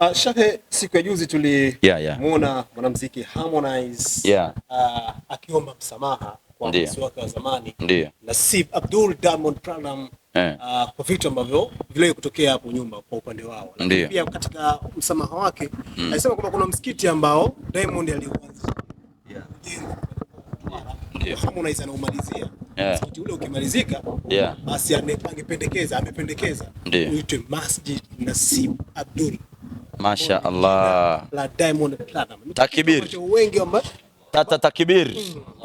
Uh, Shahe, siku ya juzi tulimuona yeah, yeah. mwanamuziki Harmonize yeah. uh, akiomba msamaha kwa msanii wake wa zamani Nasib Abdul Diamond Platnumz yeah. uh, kwa vitu ambavyo vile kutokea hapo nyuma kwa upande wao, lakini pia katika msamaha wake mm. alisema kwamba kuna msikiti ambao Diamond aliuanzisha yeah. Harmonize anaumalizia Yeah. Msikiti ule ukimalizika, yeah. basi amependekeza amependekeza uitwe Masjid Nasib Abdul Masha Allah. La Diamond Platinum. Takbir. Wengi wa Tata takbir.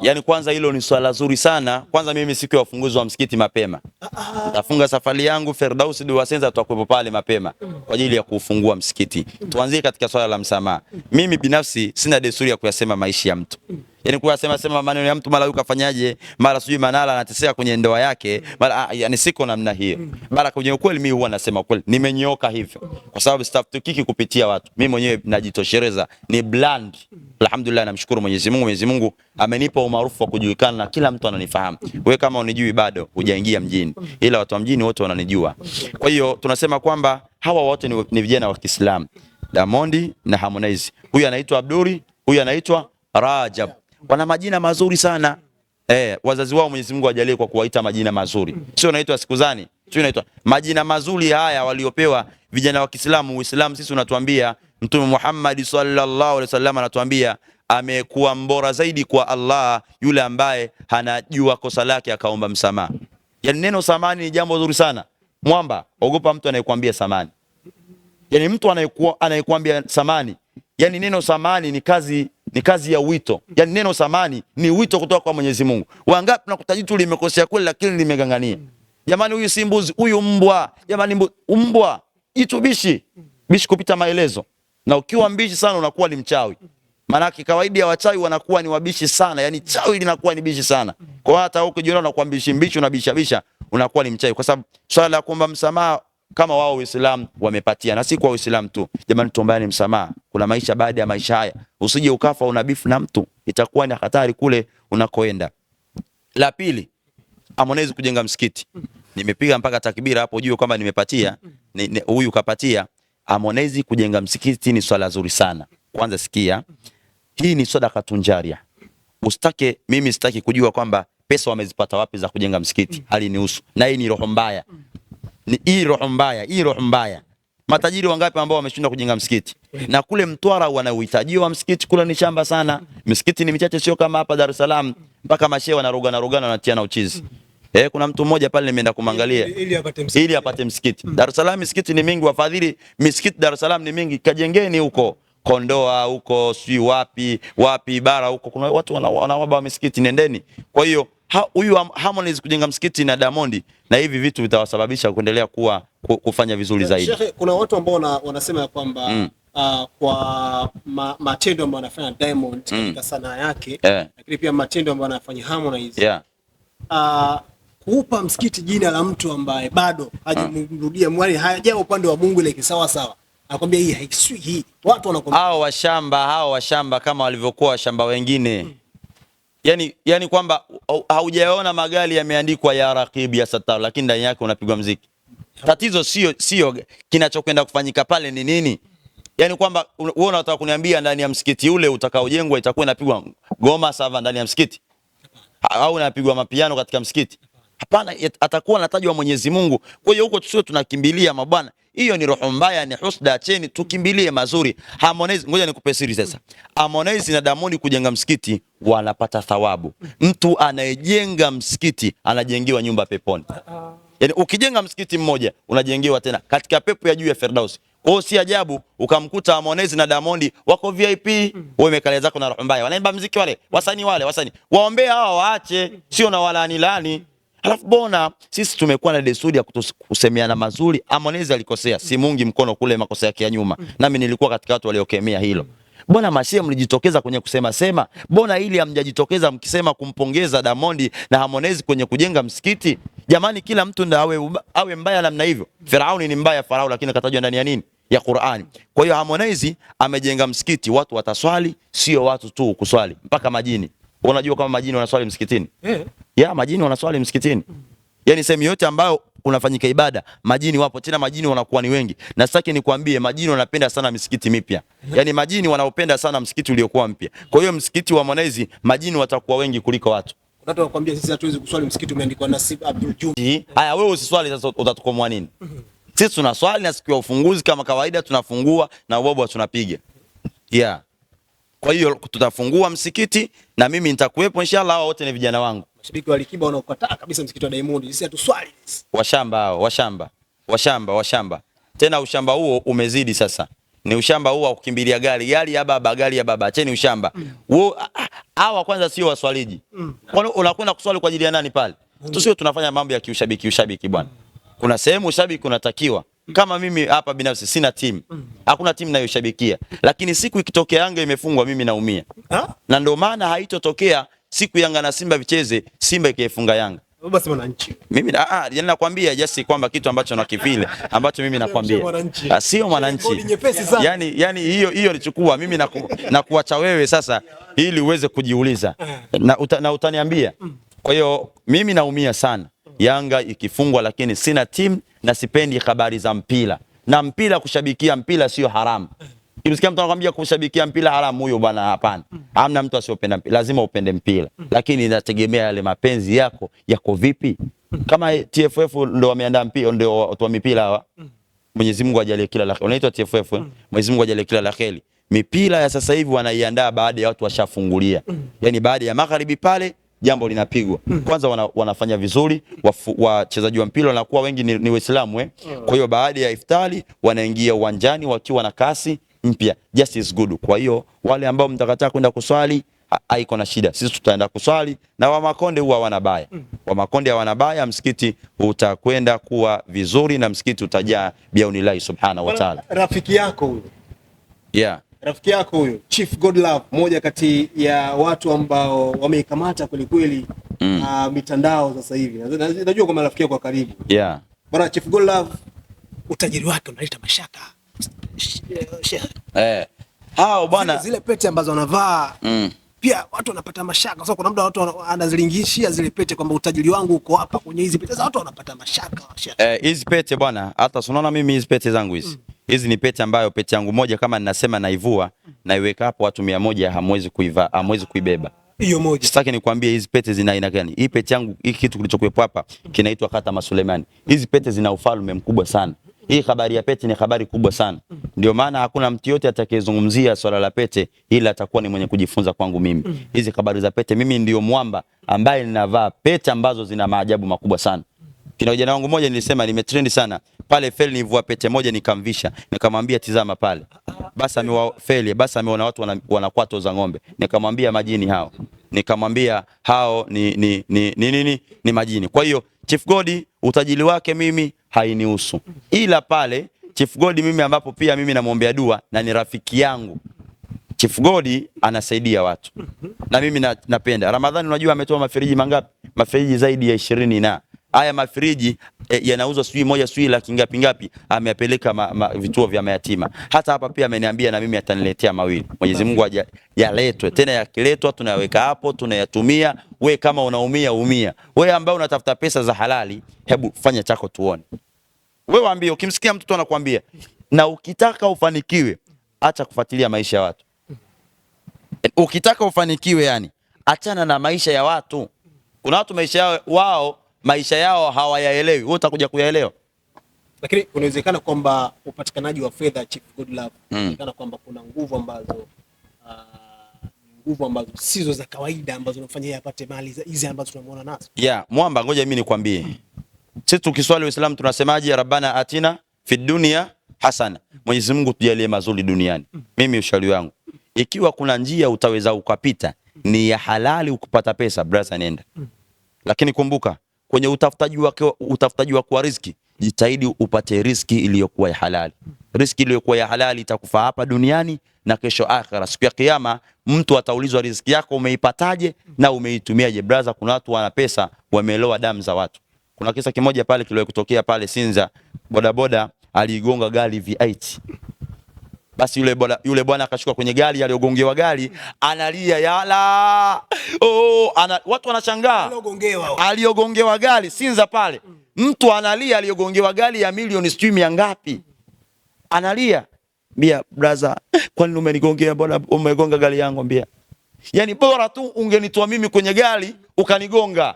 Yaani kwanza hilo ni swala zuri sana. Kwanza mimi siku ya ufunguzi wa msikiti mapema. Ah, ah. Nitafunga safari yangu Ferdausi Duwasenza tutakuwepo pale mapema kwa ajili ya kuufungua msikiti. Mm. Tuanzie katika swala la msamaha. Mimi binafsi sina desturi ya kuyasema maisha ya mtu. Mm. Yaani kuyasema sema sema maneno ya mtu mara huyu kafanyaje, mara sijui Manara anateseka kwenye ndoa yake, mara ah, yani siko namna hiyo. Mara kwenye ukweli mimi huwa nasema kweli, nimenyoka hivyo. Kwa sababu sitafutukiki kupitia watu. Mimi mwenyewe najitoshereza. Ni blind. Alhamdulillah namshukuru Mwenyezi Mungu. Mwenyezi Mungu amenipa umaarufu wa kujulikana na kila mtu ananifahamu. Wewe kama unijui bado hujaingia mjini. Ila watu wa mjini wote wananijua. Kwa hiyo tunasema kwamba hawa wote ni, ni vijana wa Kiislamu. Diamond na Harmonize. Huyu anaitwa Abduri, huyu anaitwa Rajab wana majina mazuri sana. Eh, wazazi wao Mwenyezi Mungu ajalie kwa kuwaita majina mazuri. Sio naitwa sikuzani, sio naitwa. Majina mazuri haya waliopewa vijana wa Kiislamu, Uislamu sisi unatuambia Mtume Muhammad sallallahu alaihi wasallam anatuambia amekuwa mbora zaidi kwa Allah yule ambaye hanajua kosa lake akaomba msamaha. Yaani neno samani ni jambo zuri sana. Mwamba, ogopa mtu anayekwambia samani. Yaani mtu anayekwambia samani yani neno samani ni kazi, ni kazi ya wito. Yaani neno samani ni wito kutoka kwa Mwenyezi Mungu. Wangapi tunakuta jitu limekosea kweli, lakini limegangania. Jamani, huyu si mbuzi, huyu mbwa. Jamani, mbwa jitu bishi kupita maelezo, na ukiwa mbishi sana unakuwa ni mchawi. Maana kawaida ya wachawi wanakuwa ni wabishi sana, Yaani chawi linakuwa ni bishi sana. Kwa hata ukijiona unakuwa mbishi mbishi, unabisha bisha, unakuwa ni mchawi, kwa sababu swala la kuomba msamaha kama wao Uislamu wamepatia, na si kwa Uislamu tu. Jamani, tuombeane msamaha, kuna maisha baada ya maisha haya. Usije ukafa unabifu na mtu, itakuwa ni hatari kule unakoenda. La pili, Harmonize kujenga msikiti. Nimepiga mpaka takbira hapo juu kwamba nimepatia huyu, ni, kapatia Harmonize kujenga msikiti. Ni swala zuri sana. Kwanza sikia, hii ni sadaka tunjaria. Usitake mimi sitaki kujua kwamba pesa wamezipata wapi za kujenga msikiti, hali ni usu na hii ni roho mbaya ni hii roho mbaya, hii roho mbaya. Matajiri wangapi ambao wameshindwa kujenga msikiti? Na kule Mtwara wa msikiti, kule ni shamba sana, Msikiti ni michache, sio kama hapa Dar es Salaam, mpaka mashehe rugana wanatia na uchizi. Eh, kuna mtu mmoja pale nimeenda kumwangalia ili apate msikiti, ili apate msikiti. Dar es Salaam msikiti ni mingi, wafadhili misikiti Dar es Salaam ni mingi, kajengeni huko. Kondoa huko si wapi wapi bara huko, kuna watu wanawaba misikiti, nendeni. Kwa hiyo huyu ha, Harmonies kujenga msikiti na Diamond na hivi vitu vitawasababisha kuendelea kuwa kufanya vizuri eh, zaidi. Shekhe, kuna watu ambao wanasema ya kwamba mm. Uh, kwa ma, matendo ambayo anafanya Diamond mm. katika sanaa yake yeah. Lakini pia matendo ambayo anafanya Harmonize yeah. Uh, kuupa msikiti jina la mtu ambaye bado hajamrudia mwali hajao upande wa Mungu ile kisawa sawa, sawa Anakwambia hii haisui hii. Watu wanakwambia hao washamba, hao washamba kama walivyokuwa washamba wengine. Hmm. Yaani, yani kwamba haujaona magari yameandikwa ya rakibi ya satar, lakini ndani yake unapigwa mziki. Tatizo sio sio kinachokwenda kufanyika pale ni nini? Yaani kwamba wewe unataka kuniambia ndani ya msikiti ule utakaojengwa itakuwa inapigwa ngoma sava ndani ya msikiti au inapigwa mapiano katika msikiti? Hapana, atakuwa anatajwa Mwenyezi Mungu. Kwa hiyo huko tusio tunakimbilia mabwana, hiyo ni roho mbaya, ni husda. Acheni tukimbilie mazuri. Harmonize, ngoja nikupe siri sasa. Harmonize na Damoni kujenga msikiti wanapata thawabu. Mtu anayejenga msikiti anajengewa nyumba peponi. Yaani ukijenga msikiti mmoja unajengewa tena katika pepo ya juu ya Firdaus. Kwa hiyo si ajabu ukamkuta Harmonize na Diamond wako VIP, wewe umekalea zako na roho mbaya. Wanaimba mziki wale, wasanii wale, wasanii. Waombea hawa waache, sio na walaani Lani. Alafu bona sisi tumekuwa na desturi ya kusemeana mazuri. Harmonize alikosea, simungi mkono kule makosa yake ya nyuma, mm. nami nilikuwa katika watu waliokemea hilo. Bona mashia mlijitokeza kwenye kusema sema, bona ili hamjajitokeza mkisema kumpongeza Damondi na Harmonize kwenye kujenga msikiti. Jamani, kila mtu ndio awe, awe mbaya namna hivyo. Firauni ni mbaya farao, lakini katajwa ndani ya nini ya Qur'ani. Kwa hiyo Harmonize amejenga msikiti, watu wataswali, sio watu tu kuswali mpaka majini. Unajua kama majini wanaswali msikitini? Eh. Yeah, majini wanaswali msikitini. Yaani sehemu yote ambayo unafanyika ibada, majini wapo, tena majini wanakuwa ni wengi. Na sitaki nikwambie majini wanapenda sana misikiti mipya. Eh. yani majini wanaopenda sana msikiti uliokuwa mpya. Kwa hiyo msikiti wa Mwanaizi majini watakuwa wengi kuliko watu. Watu wakwambia sisi hatuwezi kuswali msikiti umeandikwa Nasib Abdul Juma. Haya wewe usiswali sasa utatukomwa nini? Mm-hmm. Sisi tuna swali na siku ya ufunguzi kama kawaida tunafungua na ubwabwa tunapiga. Yeah. Kwa hiyo tutafungua msikiti na mimi nitakuwepo inshallah. Hao wote ni vijana wangu, mashabiki wa Alikiba wanaokataa kabisa msikiti wa Diamond, sisi hatuswali. Washamba hao, washamba, washamba, washamba. Tena ushamba huo umezidi sasa, ni ushamba huo wa kukimbilia gari, gari ya baba, gari ya baba. Acheni ushamba Wao Mm. Hawa kwanza sio waswaliji. Mm. Kwani unakwenda kuswali kwa ajili ya nani pale? Mm. Tusio tunafanya mambo ya kiushabiki, ushabiki bwana. Mm. Kuna sehemu ushabiki unatakiwa kama mimi hapa binafsi sina timu, hakuna timu nayoshabikia, lakini siku ikitokea Yanga imefungwa mimi naumia, na ndio maana haitotokea siku Yanga na Simba vicheze, Simba ikiifunga Yanga mimi ah, yani nakwambia jasi kwamba kitu ambacho nakivile ambacho mimi nakwambia sio mwananchi, ah, yani yani hiyo hiyo nichukua mimi na, ku, na kuacha wewe sasa ili uweze kujiuliza eh. na, uta, na utaniambia. Mm. Kwa hiyo mimi naumia sana Yanga ikifungwa, lakini sina timu na sipendi habari za mpira na mpira. Kushabikia mpira sio haramu. Kimsikia mtu anakuambia kushabikia mpira haramu, huyo bwana, hapana. Hamna mtu asiyopenda mpira, lazima upende mpira, lakini inategemea yale mapenzi yako yako vipi. Kama TFF ndio wameandaa mpira, ndio watu wa mipira hawa. Mwenyezi Mungu ajalie kila la kheri. Unaitwa TFF. Mwenyezi Mungu ajalie kila la kheri. Mipira ya sasa hivi wanaiandaa baada ya watu washafungulia, yaani baada ya magharibi pale jambo linapigwa mm. Kwanza wana, wanafanya vizuri wachezaji wa mpira wanakuwa wengi ni, ni Waislamu eh. Mm. Kwa hiyo baada ya iftari wanaingia uwanjani wakiwa na kasi mpya, just is good. Kwa hiyo wale ambao mtakataa kwenda kuswali haiko na shida, sisi tutaenda kuswali na Wamakonde huwa hawana baya mm. Wamakonde hawana baya, msikiti utakwenda kuwa vizuri na msikiti utajaa biaunilahi subhanahu wa ta'ala. Rafiki yako huyo yeah rafiki yako huyo Chief Godlove, moja kati ya watu ambao wameikamata kwelikweli mm. uh, mitandao sasa hivi, najua kwamba rafiki yako wa karibu yeah. Bwana Chief Godlove, utajiri wake unaleta mashaka eh. Hao bwana, zile zile pete ambazo wanavaa mm. Pia watu wanapata mashaka sasa. sababu kuna muda watu anazilingishia zile pete kwamba utajiri wangu uko hapa kwenye hizi pete. Sasa watu wanapata mashaka eh, hizi pete bwana, hata sunaona mimi hizi pete zangu hizi mm. Hizi ni pete ambayo pete yangu moja kama ninasema naivua naiweka hapo, watu mia moja hamwezi kuiva, hamwezi kuibeba hiyo moja. Sitaki nikwambie hizi pete zina aina gani. Hii pete yangu hii kitu kilichokuwepo hapa kinaitwa kata Masulemani. Hizi pete zina ufalme mkubwa sana. Hii habari ya pete ni habari kubwa sana. Ndio maana hakuna mtu yote atakayezungumzia swala la pete ila atakuwa ni mwenye kujifunza kwangu mimi. Hizi habari za pete, mimi ndio mwamba ambaye ninavaa pete ambazo zina maajabu makubwa sana kina kijana wangu mmoja nilisema nimetrend sana. Pale feli nilivua pete moja nikamvisha, nikamwambia tizama pale. Basi amewa feli, basi ameona watu wanakuwa toza ng'ombe. Nikamwambia majini hao. Nikamwambia hao ni ni ni nini ni, ni majini. Kwa hiyo Chief Godi utajiri wake mimi hainihusu. Ila pale Chief Godi mimi ambapo pia mimi namwombea dua na ni rafiki yangu. Chief Godi anasaidia watu. Na mimi na, napenda. Ramadhani unajua ametoa mafiriji mangapi? mafiriji zaidi ya ishirini na haya mafriji e, yanauzwa sijui moja sijui laki ngapi ngapi, ameyapeleka vituo vya mayatima. Hata hapa pia ameniambia na mimi ataniletea mawili. Mwenyezi Mungu yaletwe tena, yakiletwa tunayaweka hapo, tunayatumia. We kama unaumia umia, we ambaye unatafuta pesa za halali, hebu fanya chako tuone. We waambie, ukimsikia mtoto anakuambia, na ukitaka ufanikiwe, acha kufuatilia maisha ya watu. Ukitaka ufanikiwe, yani achana na maisha ya watu. Kuna watu maisha yao wao maisha yao hawayaelewi, wewe utakuja kuyaelewa. Lakini kunawezekana kwamba upatikanaji wa fedha, Chief Godlove, inawezekana hmm. mm. kwamba kuna nguvu ambazo ah, nguvu ambazo sizo za kawaida ambazo unafanya yeye apate mali hizi ambazo tunamuona nazo. Yeah, mwamba, ngoja mimi nikwambie. Sisi tukiswali Uislamu tunasemaje? Rabbana atina fi dunya hasana, Mwenyezi Mungu tujalie mazuri duniani. Hmm. Mimi ushauri wangu, ikiwa kuna njia utaweza ukapita ni ya halali ukupata pesa, brother, nenda. Hmm. Lakini kumbuka kwenye utafutaji wake utafutaji wako wa riziki, jitahidi upate riziki iliyokuwa ya halali. Riziki iliyokuwa ya halali itakufaa hapa duniani na kesho akhera. Siku ya kiyama mtu ataulizwa riziki yako umeipataje na umeitumiaje Brother, kuna watu wana pesa wameloa damu za watu. Kuna kisa kimoja pale kutokea pale Sinza, bodaboda aliigonga gari V8 basi yule bwana yule bwana akashuka kwenye gari, aliyogongewa gari analia yala, oh, ana, watu wanashangaa aliyogongewa gari Sinza pale Mtu analia aliyogongewa gari ya milioni sijui mia ngapi, analia mbia, brother, kwani umenigongea bwana, umegonga gari yangu mbia, yani bora tu ungenitoa mimi kwenye gari ukanigonga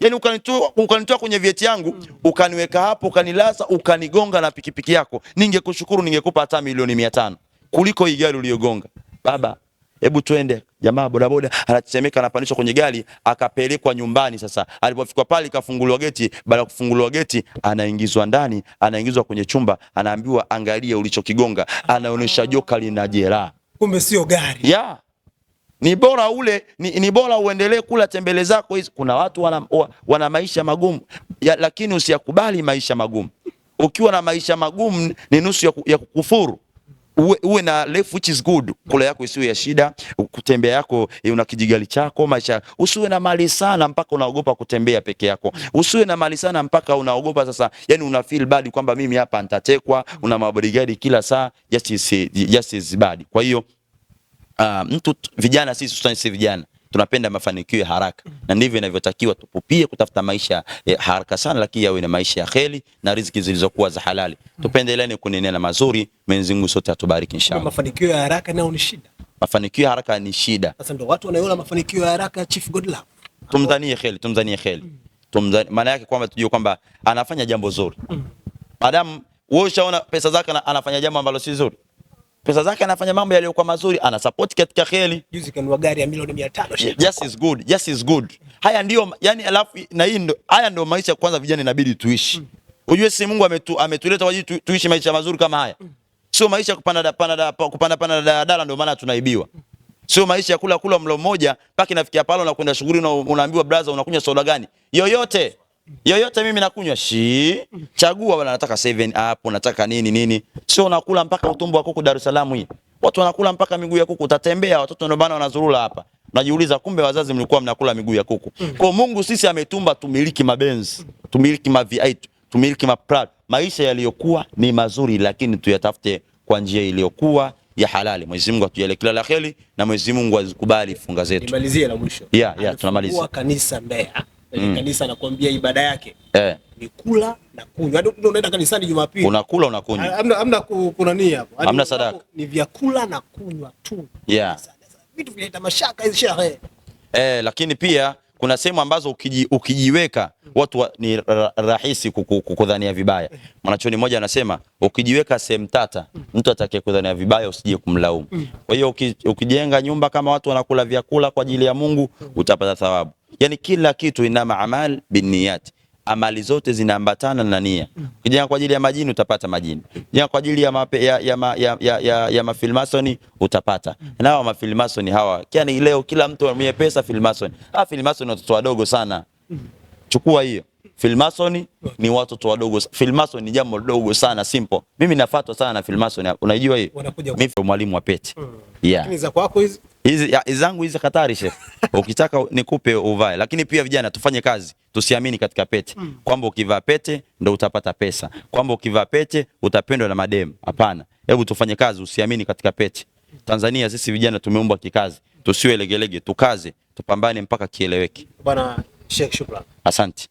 yani ukanitoa ukanitoa kwenye vieti yangu mm. ukaniweka hapo ukanilaza ukanigonga na pikipiki yako, ningekushukuru ningekupa hata milioni mia tano kuliko hii gari uliyogonga. Baba, hebu twende. Jamaa bodaboda anachemeka, anapandishwa kwenye gari, akapelekwa nyumbani. Sasa alipofika pale, ikafunguliwa geti. Baada ya kufunguliwa geti, anaingizwa ndani, anaingizwa kwenye chumba, anaambiwa angalia ulichokigonga, anaonyesha joka lina jeraha, kumbe sio gari yeah. Ni bora ule ni, ni bora uendelee kula tembele zako hizi. Kuna watu wana, wana maisha magumu ya, lakini usiyakubali maisha magumu. Ukiwa na maisha magumu ni nusu ya, ya kukufuru. Uwe, uwe na life which is good, kula yako isiwe ya shida, kutembea yako eh, una kijigali chako maisha. Usiwe na mali sana mpaka unaogopa kutembea peke yako, usiwe na mali sana mpaka unaogopa sasa, yani una feel bad kwamba mimi hapa nitatekwa, una mabodigadi kila saa, just is, just is bad. Kwa hiyo uh, mtu vijana sisi sisi vijana tunapenda mafanikio ya haraka na ndivyo inavyotakiwa. Tupupie kutafuta maisha ya haraka sana, lakini yawe na maisha ya kheri na riziki zilizokuwa za halali. Tupendeleane kunenena mazuri. Mwenyezi Mungu sote atubariki inshallah. Mafanikio ya haraka nayo ni shida, mafanikio ya haraka ni shida. Sasa ndio watu wanaona mafanikio ya haraka Chief Godlove, tumdhanie kheri, tumdhanie kheri, mm. tumdhani, maana yake kwamba tujue kwamba anafanya jambo zuri, madamu mm. wewe ushaona pesa zake anafanya jambo ambalo si zuri pesa zake anafanya mambo yaliyokuwa mazuri, ana support katika kheri. Juzi kanua gari ya milioni 500. Just is good, just is good. Haya ndio yani, alafu na hii ndio, haya ndio maisha kwanza, vijana inabidi tuishi. Mm. Ujue si Mungu ametu, ametuleta kwa tu, tuishi maisha mazuri kama haya. Mm. Sio maisha kupanda da, panda da, kupanda panda daladala, ndio maana tunaibiwa. Mm. Sio maisha ya kula kula mlo mmoja mpaka inafikia pale unakwenda shughuli, na unaambiwa brother, unakunywa soda gani yoyote yoyote mimi nakunywa shi, chagua wala nataka 7 hapo, nataka nini nini, sio nakula mpaka utumbo wa kuku. Dar es Salaam hii watu wanakula mpaka miguu ya kuku, utatembea watoto ndio bana wanazurula hapa, najiuliza kumbe wazazi mlikuwa mnakula miguu ya kuku. Mm. Kwa Mungu sisi ametumba tumiliki mabenzi, tumiliki ma mavi, tumiliki maprad. Maisha yaliyokuwa ni mazuri, lakini tuyatafute kwa njia iliyokuwa ya halali. Mwenyezi Mungu atujalie kila la heri na Mwenyezi Mungu azikubali funga zetu. Nimalizie la mwisho. Yeah, yeah, tunamalizia Kanisa Mbeya kwenye mm. kanisa nakwambia ibada yake eh. ni kula na kunywa. Hadi unaenda kanisani Jumapili unakula unakunywa, hamna hamna kuna nini hapo, hamna sadaka, ni vyakula na kunywa tu, yeah vitu vinaleta mashaka hizi shehe eh, lakini pia kuna sehemu ambazo ukiji, ukijiweka mm. watu wa, ni rahisi kukudhania vibaya. Mm. Mwanachoni mmoja anasema ukijiweka sehemu tata, mm. mtu atakaye kudhania vibaya usije kumlaumu. Kwa hiyo ukijenga nyumba kama watu wanakula vyakula kwa ajili ya Mungu utapata thawabu yani kila kitu inama amal binniyat, amali zote zinaambatana na nia. Kijana kwa ajili ya majini utapata majini, kijana kwa ajili ya mape, ya ya ya, ya, ya, ya mafilmasoni utapata na hawa mafilmasoni hawa. Yani leo kila mtu mwenye pesa filmasoni, ah, filmasoni watoto wadogo sana, chukua hiyo Filmasoni ni watoto wadogo. Filmasoni ni jambo dogo sana simple. Mimi nafatwa sana na filmasoni, unajua hiyo. Mimi mwalimu wa pete. Mm. Yeah. Lakini za kwako hizi hizi zangu hizi hatari chef, ukitaka nikupe uvae. Lakini pia vijana tufanye kazi, tusiamini katika pete mm. kwamba ukivaa pete ndo utapata pesa, kwamba ukivaa pete utapendwa na mademu. Hapana, hebu tufanye kazi, usiamini katika pete. Tanzania sisi vijana tumeumbwa kikazi, tusiwe legelege, tukaze, tupambane mpaka kieleweke bwana Sheikh Shukran. Asante.